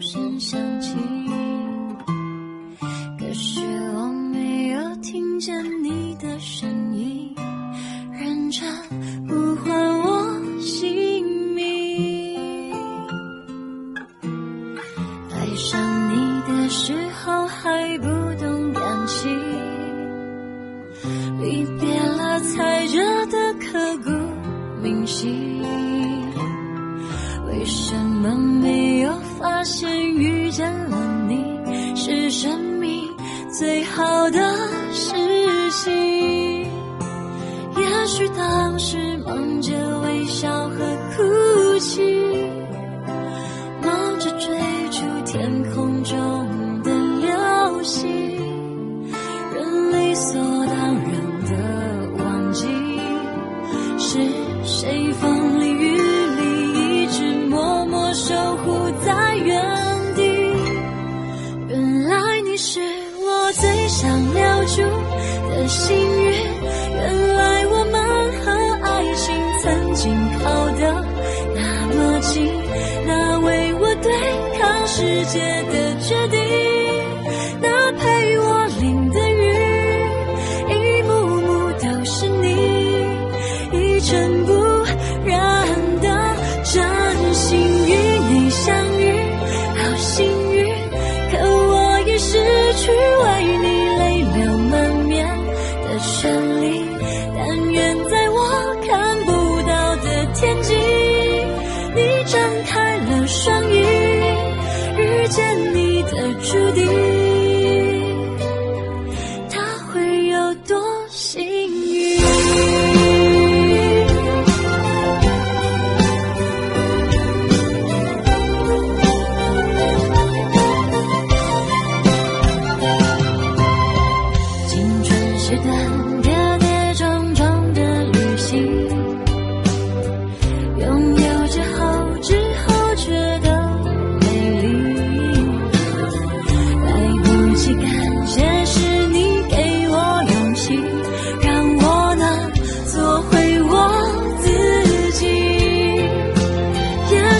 鐘聲響起。世界的決定。多幸。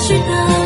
知道。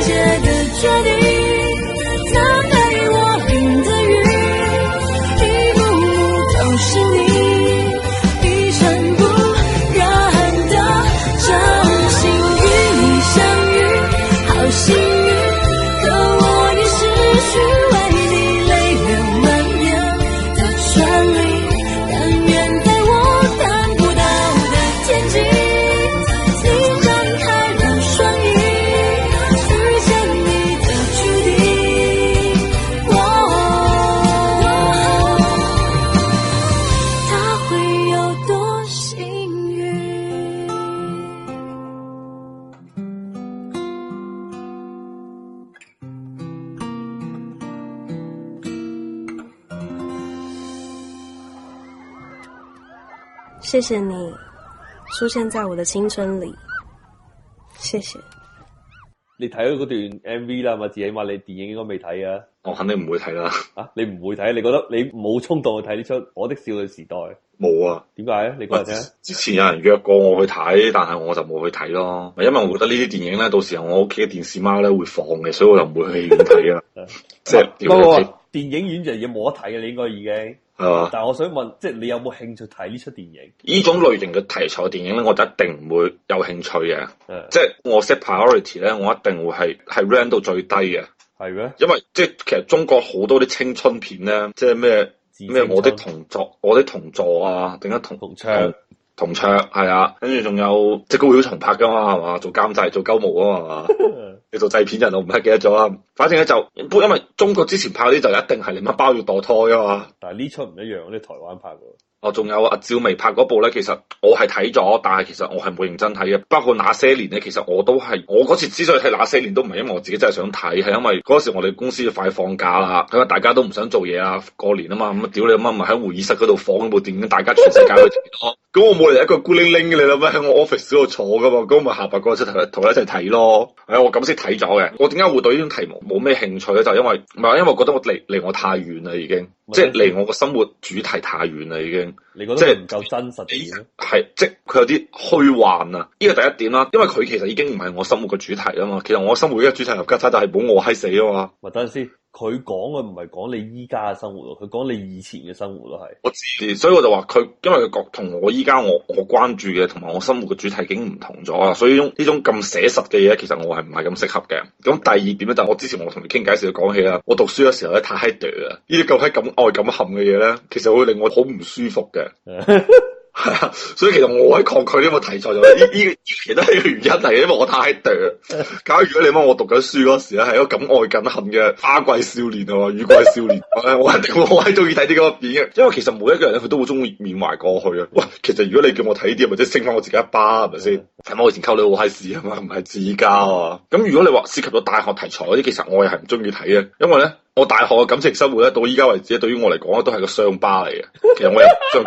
謝謝你出現在我的青春裏，謝謝。你睇咗嗰段 M V 啦，或者起碼你電影應該未睇啊？我肯定唔會睇啦。啊，你唔會睇？你覺得你冇衝動去睇呢出《我的少女時代》？冇啊？點解咧？你講得？之前有人約過我去睇，但係我就冇去睇咯。因為我覺得呢啲電影咧，到時候我屋企嘅電視貓咧會放嘅，所以我就唔會去影院睇啦。即係，不過、啊、電影院就嘢，冇得睇嘅，你應該已經。但係我想問，即係你有冇興趣睇呢出電影？呢種類型嘅題材嘅電影咧，我就一定唔會有興趣嘅。Uh, 即係我 set priority 咧，我一定會係係 rank 到最低嘅。係咩嗎？因為即係其實中國好多啲青春片咧，即係咩咩我的同座，我的同座啊，定一同同窗春。嗯。同桌係啊，跟住仲有即高曉松拍噶嘛，係嘛，做監製做鳩毛啊係嘛，你 做製片人我唔太記得咗啦。反正咧就，因為中國之前拍啲就一定係你媽包住墮胎啊嘛。但係呢出唔一樣，呢台灣拍我仲有啊，趙薇拍嗰部咧，其實我係睇咗，但係其實我係冇認真睇嘅。包括那些年咧，其實我都係我嗰次之所以睇那些年都，都唔係因為我自己真係想睇，係因為嗰時我哋公司就快放假啦，咁啊大家都唔想做嘢啊，過年啊嘛，咁啊屌你媽咪喺會議室嗰度放咗部電影，大家全世界去睇。咁 我每日一個孤零零嘅你諗下喺我 office 度坐噶嘛，咁咪下白哥出頭同我一齊睇咯。啊、哎，我咁識睇咗嘅，我點解會對呢種題目冇咩興趣咧？就是、因為唔係，因為覺得我離離我太遠啦，已經， 即係離我個生活主題太遠啦，已經。你覺得即係唔夠真實，係即係佢有啲虛幻啊！呢個第一點啦，因為佢其實已經唔係我生活嘅主題啦嘛。其實我生活嘅主題入格差就係冇餓閪死啊嘛。我等先。佢講嘅唔係講你依家嘅生活咯，佢講你以前嘅生活咯，係。我知，所以我就話佢，因為佢同我依家我我關注嘅同埋我生活嘅主題已經唔同咗啦，所以呢種咁寫實嘅嘢，其實我係唔係咁適合嘅。咁第二點咧，就是，就我之前我同你傾偈時講起啦，我讀書嘅時候咧太 hit 啊，呢啲咁閪咁愛咁冚嘅嘢咧，其實會令我好唔舒服嘅。 所以其實我喺抗拒呢個題材就，就依呢依，其實係個原因嚟嘅，因為我太嗲。假如果你問我讀緊書嗰時咧，係一個敢愛敢恨嘅花季少年啊，雨季少年，我一定好喺中意睇呢個片嘅，因為其實每一個人咧，佢都會中意緬懷過去啊。喂，其實如果你叫我睇啲，或者升翻我自己一巴，係咪先？咁我以前溝女好嗨事啊嘛，唔係自教啊。咁如果你話涉及到大學題材嗰啲，其實我又係唔中意睇啊，因為咧。我大學嘅感情生活咧，到依家為止，對於我嚟講咧，都係個傷疤嚟嘅。其實我又，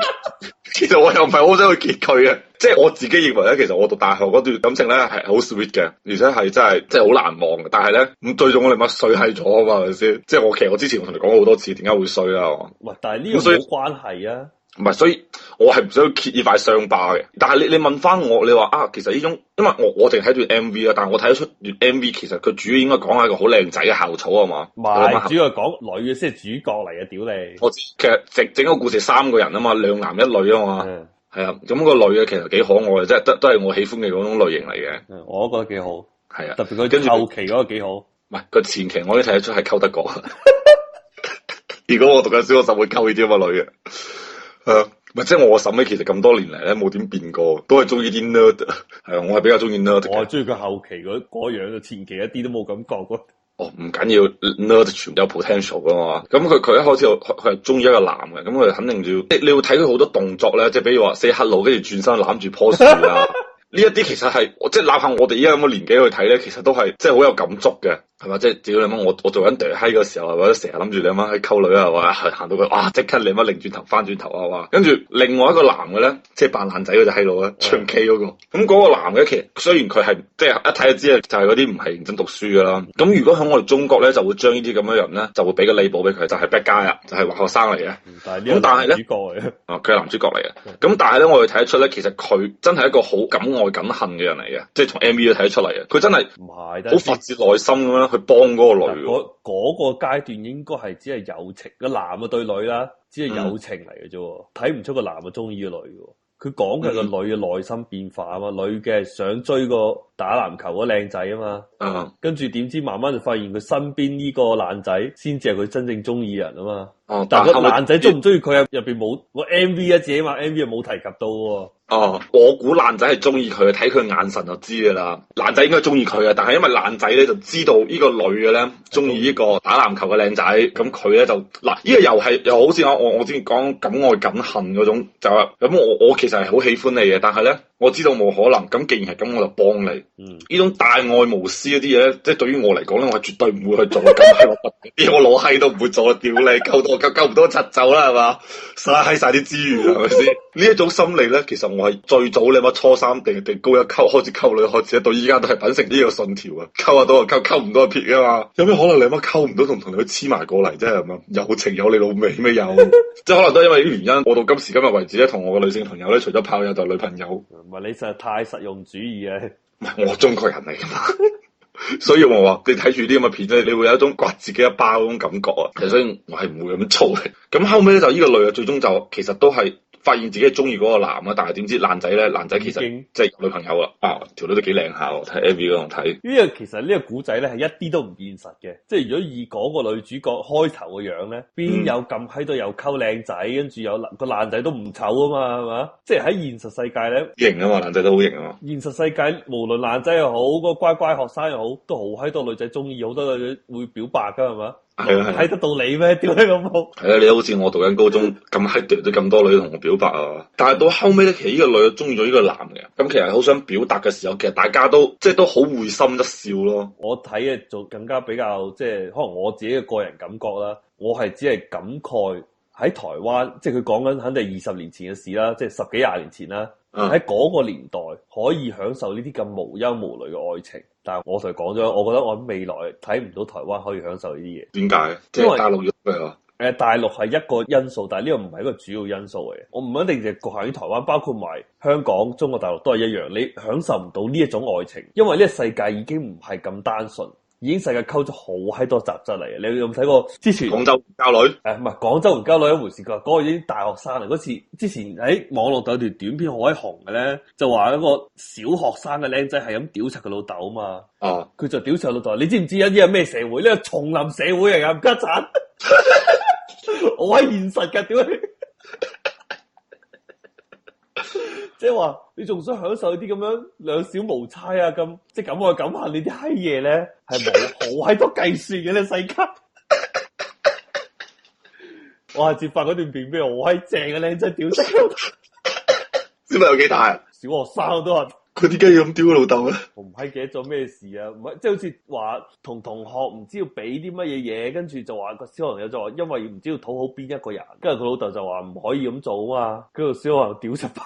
其實我又唔係好想去揭佢嘅，即 係我自己認為咧，其實我讀大學嗰段感情咧係好 sweet 嘅，而且係真係真係好難忘嘅。但係咧，咁最終我哋咪衰係咗啊嘛，係咪先？即係我其實我之前我同你講好多次，點解會衰啦？喂，但係呢個冇關係啊。唔係，所以我係唔想揭呢塊傷疤嘅。但係你你問翻我，你話啊，其實呢種，因為我我淨睇住 M V 啊。但係我睇得出 M V 其實佢主要應該講下一個好靚仔嘅校草，啊嘛？唔係是，主要係講女嘅，先係主角嚟嘅屌你！我其實整整個故事三個人啊嘛，兩男一女啊嘛，係啊，咁、啊嗰個女嘅其實幾可愛，即係都都係我喜歡嘅嗰種類型嚟嘅、啊。我都覺得幾好，係啊，特別佢跟後期嗰個幾好，唔係佢前期，我都睇得出係溝得過。 如果我讀緊小學我就會溝呢啲咁嘅女嘅。 誒，唔、uh, 即係我審美其實咁多年嚟咧冇點變過，都係中意啲 nerd 咧，係啊，我係比較中意 nerd 咧。我係中意佢後期嗰嗰 樣，前期一啲都冇感覺咯、啊。哦、oh,，唔緊要，nerd 全部有 potential 噶嘛。咁佢佢一開始佢係中意一個男嘅，咁佢肯定要，你,你要睇佢好多動作咧，即係比如話四下路跟住轉身攬住棵樹啊，呢 一啲其實係即係哪怕我哋依家咁嘅年紀去睇咧，其實都係即係好有感觸嘅。係嘛，即係只要你媽我我做緊屌嗨嘅時候，或者成日諗住你媽喺溝女啊，話、呃、行到佢，哇、呃、即刻你媽擰轉頭翻轉頭啊，話跟住另外一個男嘅咧，即係扮爛仔就喺度唱 K 嗰、那個，咁嗰喂、嗯那個男嘅其實雖然佢係即係一睇就知啊，就係嗰啲唔係認真讀書噶啦。咁、嗯、如果喺我哋中國咧，就會將呢啲咁嘅人咧，就會俾個禮寶俾佢，就係 bad guy 啊，就係、是、壞學生嚟嘅。咁但係咧，主角佢係男主角嚟嘅。咁、嗯嗯、但係咧，我哋睇得出咧，其實佢真係一個好敢愛敢恨嘅人嚟嘅，即係從 MV 都睇得出嚟嘅。佢真係好 發自內心咁樣。佢幫嗰個女嗰嗰個階段應該係只係友情，男情，嗯、個男嘅對女啦，只係友情嚟嘅啫，睇唔出個男嘅中意個女。佢講嘅係個女嘅內心變化啊嘛，嗯、女嘅想追個打籃球嗰靚仔啊嘛，嗯、跟住點知慢慢就發現佢身邊呢個男仔先至係佢真正中意人啊嘛。但係個男仔中唔中意佢啊？入邊冇個面 M V 啊，自己話 M V 啊冇提及到。哦，uh, 我估爛仔係中意佢，睇佢眼神就知噶啦。爛仔應該中意佢嘅，但係因為爛仔咧就知道呢個女嘅咧中意呢個打籃球嘅靚仔，咁佢咧就嗱，呢個又係又好似我我我之前講敢愛敢恨嗰種，就話咁我我其實係好喜歡你嘅，但係咧。我知道冇可能，咁既然係咁，我就幫你。呢、嗯、種大愛無私嗰啲嘢，即係對於我嚟講咧，我係絕對唔會去做嘅。 我攞閪都唔會做，屌你溝到，溝溝唔到，一就走啦，係嘛？晒閪晒啲資源，係咪先？呢一 種心理咧，其實我係最早你乜初三定定高一溝開始溝女，開始到依家都係秉承呢個信條啊！溝得到，就溝，溝唔到，就撇噶嘛。有咩可能你乜溝唔到，同同你黐埋過嚟啫？咁有情有你老味咩有？ 即係可能都係因為啲原因，我到今時今日為止咧，同我嘅女性朋友咧，除咗炮友就女朋友。 唔係你實在太實用主義啊！唔係我中國人嚟噶嘛， 所以我話你睇住啲咁嘅片咧，你會有一種刮自己一包嗰種感覺啊！其實所以我係唔會咁做嘅。咁後尾咧就呢個類啊，最終就係，其實都係。發現自己中意嗰個男啊，但係點知爛仔咧？爛仔其實已經即係女朋友啊！啊、哦，條女都幾靚下喎，睇 Avi 嗰度睇。呢個其實呢個古仔咧係一啲都唔現實嘅，即係如果以嗰個女主角開頭嘅樣咧，邊有咁喺度又溝靚仔，跟住有男個爛仔都唔醜啊嘛？係嘛？即係喺現實世界咧，型啊嘛！爛仔都好型啊嘛！現實世界無論爛仔又好，個乖乖學生又好，都好喺度女仔中意，好多女仔會表白㗎係嘛？係啊，睇得到你咩？屌你咁好？係啊，你好似我讀緊高中，咁閪多咗咁多女同我表白啊！但係到後尾咧，其實呢個女又中意咗呢個男嘅，咁其實好想表達嘅時候，其實大家都即係都好會心一笑咯。我睇嘅就更加比較，即係可能我自己嘅個人感覺啦。我係只係感慨喺台灣，即係佢講緊肯定二十年前嘅事啦，即係十幾廿年前啦。喺嗰個年代可以享受呢啲咁無憂無慮嘅愛情，但係我同你講咗，我覺得我未來睇唔到台灣可以享受呢啲嘢。點解？因為，因為大陸，誒大陸係一個因素，但係呢個唔係一個主要因素嚟。我唔一定係侷限台灣，包括埋香港、中國大陸都係一樣，你享受唔到呢一種愛情，因為呢個世界已經唔係咁單純。已經世界溝咗好閪多雜質嚟啊！你有冇睇過之前廣州教女？誒唔係廣州唔教女一回事㗎。嗰、嗰個已經大學生啦。嗰次之前喺網絡度有條短片好閪紅嘅咧，就話一個小學生嘅靚仔係咁屌柒佢老豆啊嘛。啊！佢就屌柒佢老豆，你知唔知一啲係咩社會咧？叢林社會啊，又唔家鏟。 我係現實㗎，屌你！說你係話，你仲想享受啲咁樣兩小無猜啊？咁即係咁啊咁啊！你啲閪嘢咧係冇好閪多計算嘅咧，世界 接我。我係截發嗰段片俾我，好正嘅靚仔屌聲。小朋友幾大啊？小學生都多。佢點解要咁屌個老豆咧？我唔係記得做咩事啊？唔係即係好似話同同學唔知要俾啲乜嘢嘢，跟住就話個小朋友就話因為唔知要討好邊一個人，跟住佢老豆就話唔可以咁做啊嘛。跟住小朋友屌實把，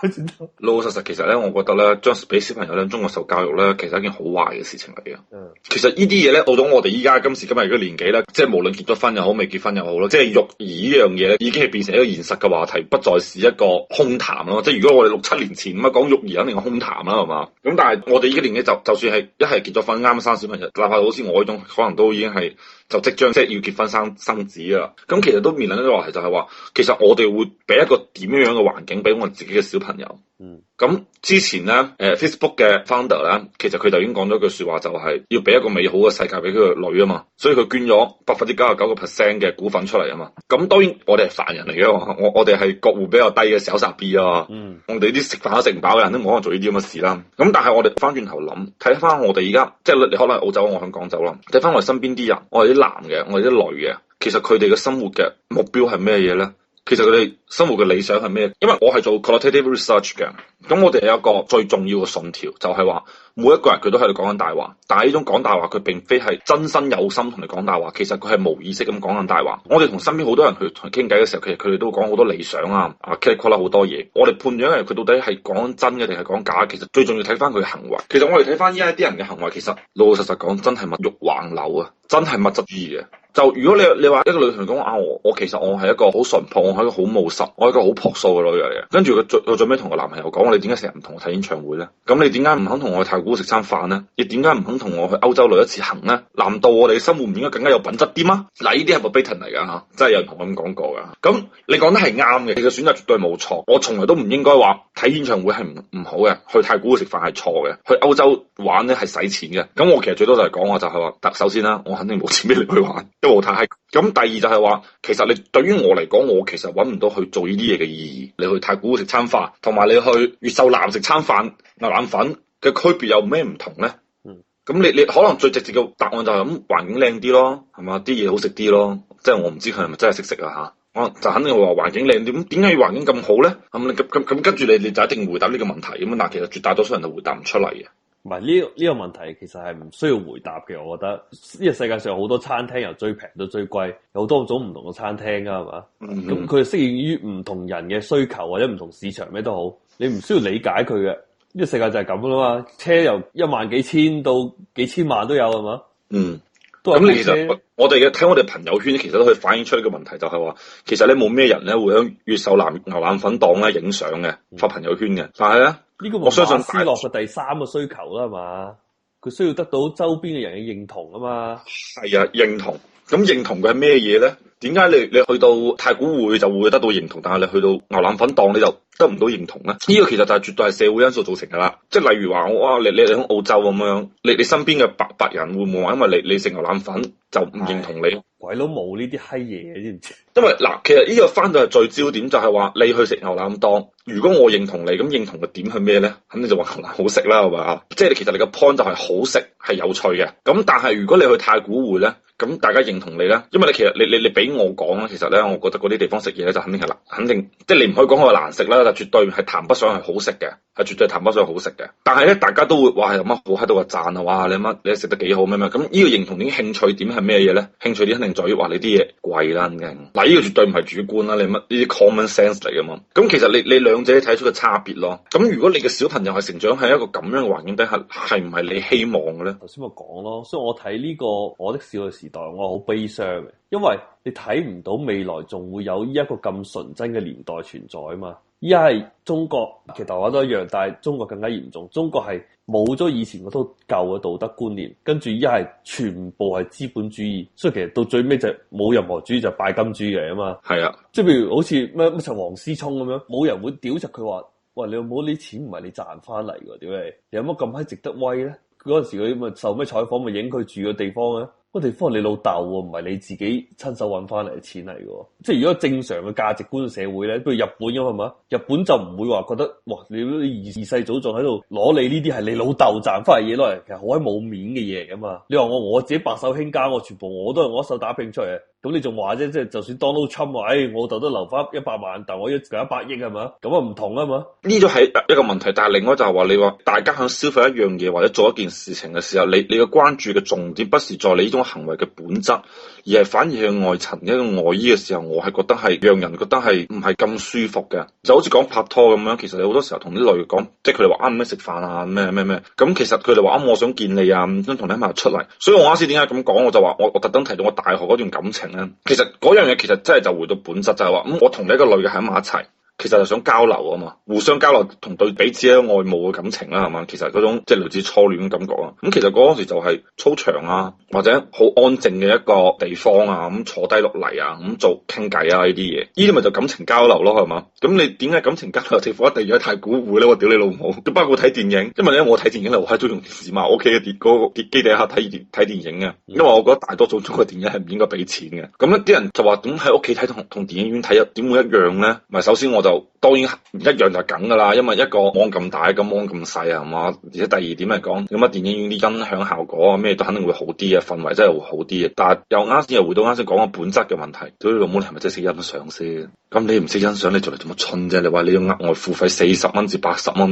老老實實其實咧，我覺得咧，將俾小朋友喺中國受教育咧，其實係一件好壞嘅事情嚟嘅。嗯，其實呢啲嘢咧，到咗我哋依家今時今日嘅年紀咧，即係無論結咗婚又好，未結婚又好咯，即係育兒呢樣嘢咧，已經係變成一個現實嘅話題，不再是一個空談咯。即係如果我哋六七年前咁啊講育兒，肯定係空談啦，係嘛？咁、嗯、但係我哋呢個年紀就就算係一係結咗婚啱生小朋友，哪怕好似我呢種可能都已經係就即將即係要結婚生生子啊，咁、嗯嗯嗯、其實都面臨一個問題，就係話其實我哋會俾一個點樣樣嘅環境俾我自己嘅小朋友。嗯，咁之前咧，誒、呃、Facebook 嘅 founder 咧，其實佢就已經講咗句説話，就係要俾一個美好嘅世界俾佢個女啊嘛，所以佢捐咗百分之九十九個 percent 嘅股份出嚟啊嘛。咁當然我哋係凡人嚟嘅，我我哋係國戶比較低嘅小傻 B 啊。嗯，我哋啲食飯都食唔飽嘅人，都冇可能做呢啲咁嘅事啦。咁但係我哋翻轉頭諗，睇翻我哋而家，即係你可能澳洲，我喺廣州啦，睇翻我哋身邊啲人，我哋啲男嘅，我哋啲女嘅，其實佢哋嘅生活嘅目標係咩嘢咧？其實佢哋生活嘅理想係咩？因為我係做 qualitative research 嘅，咁我哋有一個最重要嘅信條，就係話每一個人佢都喺度講緊大話，但係呢種講大話佢並非係真心有心同你講大話，其實佢係無意識咁講緊大話。我哋同身邊好多人去傾偈嘅時候，其實佢哋都講好多理想啊，啊，其實講咗好多嘢。我哋判斷佢到底係講真嘅定係講假，其實最重要睇翻佢嘅行為。其實我哋睇翻依家一啲人嘅行為，其實老老實實講，真係物欲橫流啊，真係物質主義嘅。就如果你你話一個女同學講啊，我我其實我係一個好淳樸，我係一個好務實，我係一個好樸素嘅女人嚟嘅。跟住佢最佢最尾同個男朋友講話：你點解成日唔同我睇演唱會咧？咁你點解唔肯同我去太古食餐飯咧？亦點解唔肯同我去歐洲旅一次行咧？難道我哋生活唔應該更加有品質啲嗎？嗱，呢啲係咪 beton 嚟㗎嚇？真係有人同我咁講過㗎。咁你講得係啱嘅，你嘅選擇絕對冇錯。我從來都唔應該話睇演唱會係唔唔好嘅，去太古食飯係錯嘅，去歐洲玩咧係使錢嘅。咁我其實最多就係講我就係、是、話，但首先啦，我肯定冇錢俾你去玩。一無談咁第二就係話，其實你對於我嚟講，我其實揾唔到去做呢啲嘢嘅意義。你去太古食餐飯，同埋你去越秀南食餐飯牛腩粉嘅區別有咩唔同咧？嗯，咁你你可能最直接嘅答案就係咁，環境靚啲咯，係嘛？啲嘢好食啲咯，即係我唔知佢係咪真係識食啊嚇！我就肯定會話環境靚啲，咁點解環境咁好咧？咁咁咁咁跟住你，你就一定回答呢個問題咁。但係其實絕大多數人都回答唔出嚟嘅。唔係呢個呢個問題，其實係唔需要回答嘅。我覺得呢個世界上好多餐廳由最平到最貴，有好多種唔同嘅餐廳啦，係嘛？咁佢、mm hmm. 適應於唔同人嘅需求或者唔同市場咩都好，你唔需要理解佢嘅。呢、這個世界就係咁啦嘛，車由一萬幾千到幾千萬都有，係嘛？嗯。Mm hmm. 咁其實我哋嘅睇我哋朋友圈，其實都可以反映出呢個問題、就是，就係話其實咧冇咩人咧會喺越秀南牛腩粉檔咧影相嘅，發朋友圈嘅，但係咧呢個我相信馬斯洛嘅第三個需求啦嘛，佢需要得到周邊嘅人嘅認同啊嘛，係啊，認同。咁認同嘅係咩嘢咧？點解你你去到太古匯就會得到認同，但係你去到牛腩粉檔你就得唔到認同咧？呢、這個其實就係絕對係社會因素造成噶啦。即係例如話，哇！你你響澳洲咁樣，你你身邊嘅白白人會唔會話因為你你食牛腩粉就唔認同你？哎、鬼佬冇呢啲閪嘢嘅，知唔知？因為嗱，其實呢個翻到係最焦點就，就係話你去食牛腩檔，如果我認同你，咁認同嘅點係咩咧？肯定就話牛腩好食啦，係咪啊？即係其實你個 point 就係好食係有趣嘅。咁但係如果你去太古匯咧？咁大家認同你啦，因為你其實你你你俾我講咧，其實咧，我覺得嗰啲地方食嘢咧就肯定係難，肯定即係你唔可以講佢係難食啦，但絕對係談不上係好食嘅，係絕對談不上好食嘅。但係咧，大家都會話有乜好喺度話讚啊，話！你乜你食得幾好咩咩？咁呢個認同點、興趣點係咩嘢咧？興趣點肯定在於話你啲嘢貴啦，已嗱，呢個絕對唔係主觀啦，你乜呢啲 common sense 嚟嘅嘛？咁其實你你兩者睇出嘅差別咯。咁如果你嘅小朋友係成長喺一個咁樣嘅環境底下，係唔係你希望嘅咧？頭先咪講咯，所以我睇呢個我的小我好悲傷嘅，因為你睇唔到未來仲會有呢一個咁純真嘅年代存在啊嘛。依家係中國，其實話都一樣，但係中國更加嚴重。中國係冇咗以前嗰套舊嘅道德觀念，跟住一係全部係資本主義，所以其實到最尾就冇任何主義就拜金主義啊嘛。係啊，即係譬如好似咩乜陳王思聰咁樣，冇人會屌窒佢話，喂，你有冇啲錢唔係你賺翻嚟嘅？屌你，你有乜咁閪值得威咧？嗰陣時佢咪受咩採訪咪影佢住嘅地方咧？嗰地方係你老豆喎，唔係你自己親手揾翻嚟嘅錢嚟嘅，即係如果正常嘅價值觀社會咧，譬如日本咁係嘛，日本就唔會話覺得，哇，你二二世祖仲喺度攞你呢啲係你老豆賺翻嚟嘢攞嚟，其實好喺冇面嘅嘢噶嘛，你話我我自己白手興家，我全部我都係我一手打拼出嚟。咁你仲話啫，即係就算當奴侵話，誒、哎，我就都留翻一百萬，但我一有一百億係嘛，咁啊唔同啊嘛。呢個係一個問題，但係另外就係話你話大家響消費一樣嘢或者做一件事情嘅時候，你你嘅關注嘅重點不是在你呢種行為嘅本質，而係反而係外層一個外、呃、衣嘅時候，我係覺得係讓人覺得係唔係咁舒服嘅。就好似講拍拖咁樣，其實你好多時候同啲女講，即係佢哋話啱唔啱食飯啊，咩咩咩，咁、嗯、其實佢哋話啱，我想見你啊，想同你一齊出嚟。所以我啱先點解咁講，我就話我我特登提到我大學嗰段感情。其實嗰樣嘢，其實真係就回到本質，就係話，嗯，我同你一個女嘅喺埋一齊。其實就想交流啊嘛，互相交流同對彼此嘅愛慕嘅感情啦，係嘛？其實嗰種即係類似初戀嘅感覺啊。咁、嗯、其實嗰陣時就係操場啊，或者好安靜嘅一個地方啊，咁、嗯、坐低落嚟啊，咁、嗯、做傾偈啊呢啲嘢，呢啲咪就感情交流咯，係嘛？咁你點解感情交流地方一定要太古匯？咧我屌你老母！咁包括睇電影，因為咧我睇電影係我係中意用電視嘛，我屋企嘅電嗰個電視機底下睇電睇電影嘅、那個，因為我覺得大多數中國電影係唔應該俾錢嘅。咁一啲人就話，點喺屋企睇同同電影院睇啊，點會一樣咧？咪首先我就當然一樣就梗噶啦，因為一個芒咁大，咁個芒咁細啊，係嘛？而且第二點嚟講，有乜電影院啲音響效果啊，咩都肯定會好啲嘅，氛圍真係會好啲嘅。但係又啱先又回到啱先講嘅本質嘅問題，對於老母你係咪真係識欣賞先？咁你唔識欣賞，你做嚟做乜春啫？你話你要額外付費四十蚊至八十蚊，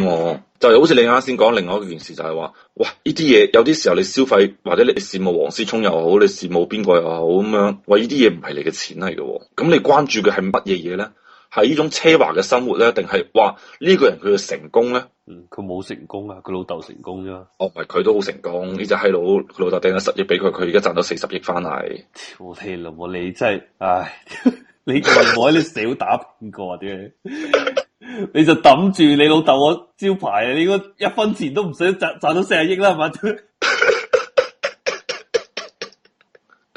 就係好似你啱先講另外一件事，就係話，哇！呢啲嘢有啲時候你消費，或者你羨慕王思聰又好，你羨慕邊個又好咁樣，喂，呢啲嘢唔係你嘅錢嚟嘅，哦，咁你關注嘅係乜嘢嘢咧？係呢種奢華嘅生活咧，定係哇呢、這個人佢嘅成功咧？嗯，佢冇成功啊，佢老豆成功啫。哦，唔係佢都好成功，呢就係佬，佢老豆掟咗十億俾佢，佢而家賺到四十億翻嚟。屌你老母，你真係，唉， 你個妹喺你少打邊個啫？你、啊、就抌住你老豆個招牌啊！你應該一分錢都唔使賺，賺到四十億啦，係咪？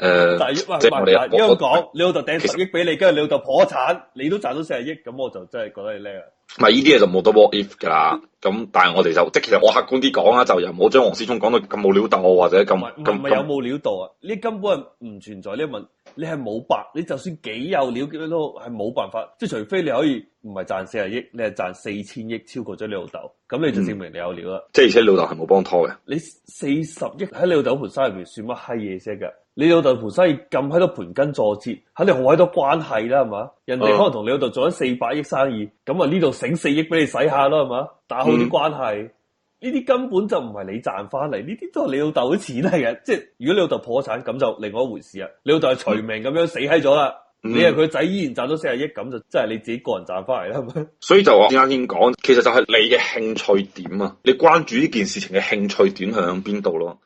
誒，呃、即係我哋，因為我你老豆掟十億俾你，跟住實你老豆破產，你都賺到四十億，咁我就真係覺得你叻啊！唔係呢啲嘢就冇得 what if 噶，咁 但係我哋就即其實我客觀啲講啦，就又唔好將王思聰講到咁冇料到或者咁咁。唔係、嗯、麼有冇料到啊？你根本唔存在呢個問，你係冇白，你就算幾有料，點都係冇辦法，即係除非你可以唔係賺四十億，你係賺四千億，超過咗你老豆，咁你就證明你有料啦、嗯。即係而且老豆係冇幫拖嘅。你四十億喺你老豆盤生入邊算乜閪嘢啫？噶！你老豆盤生意，咁喺度盤根錯節，肯定好喺度關係啦，係嘛？人哋可能同你老豆做緊四百億生意，咁啊呢度省四億俾你使下咯，係嘛？打好啲關係，呢啲、嗯、根本就唔係你賺翻嚟，呢啲都係你老豆嘅錢嚟嘅。即係如果你老豆破產，咁就另外一回事啊。你老豆係隨命咁樣死喺咗啦，嗯、你係佢仔依然賺到四十億，咁就真係你自己個人賺翻嚟啦。係咪？所以就我啱先講，其實就係你嘅興趣點啊，你關注呢件事情嘅興趣點喺邊度咯？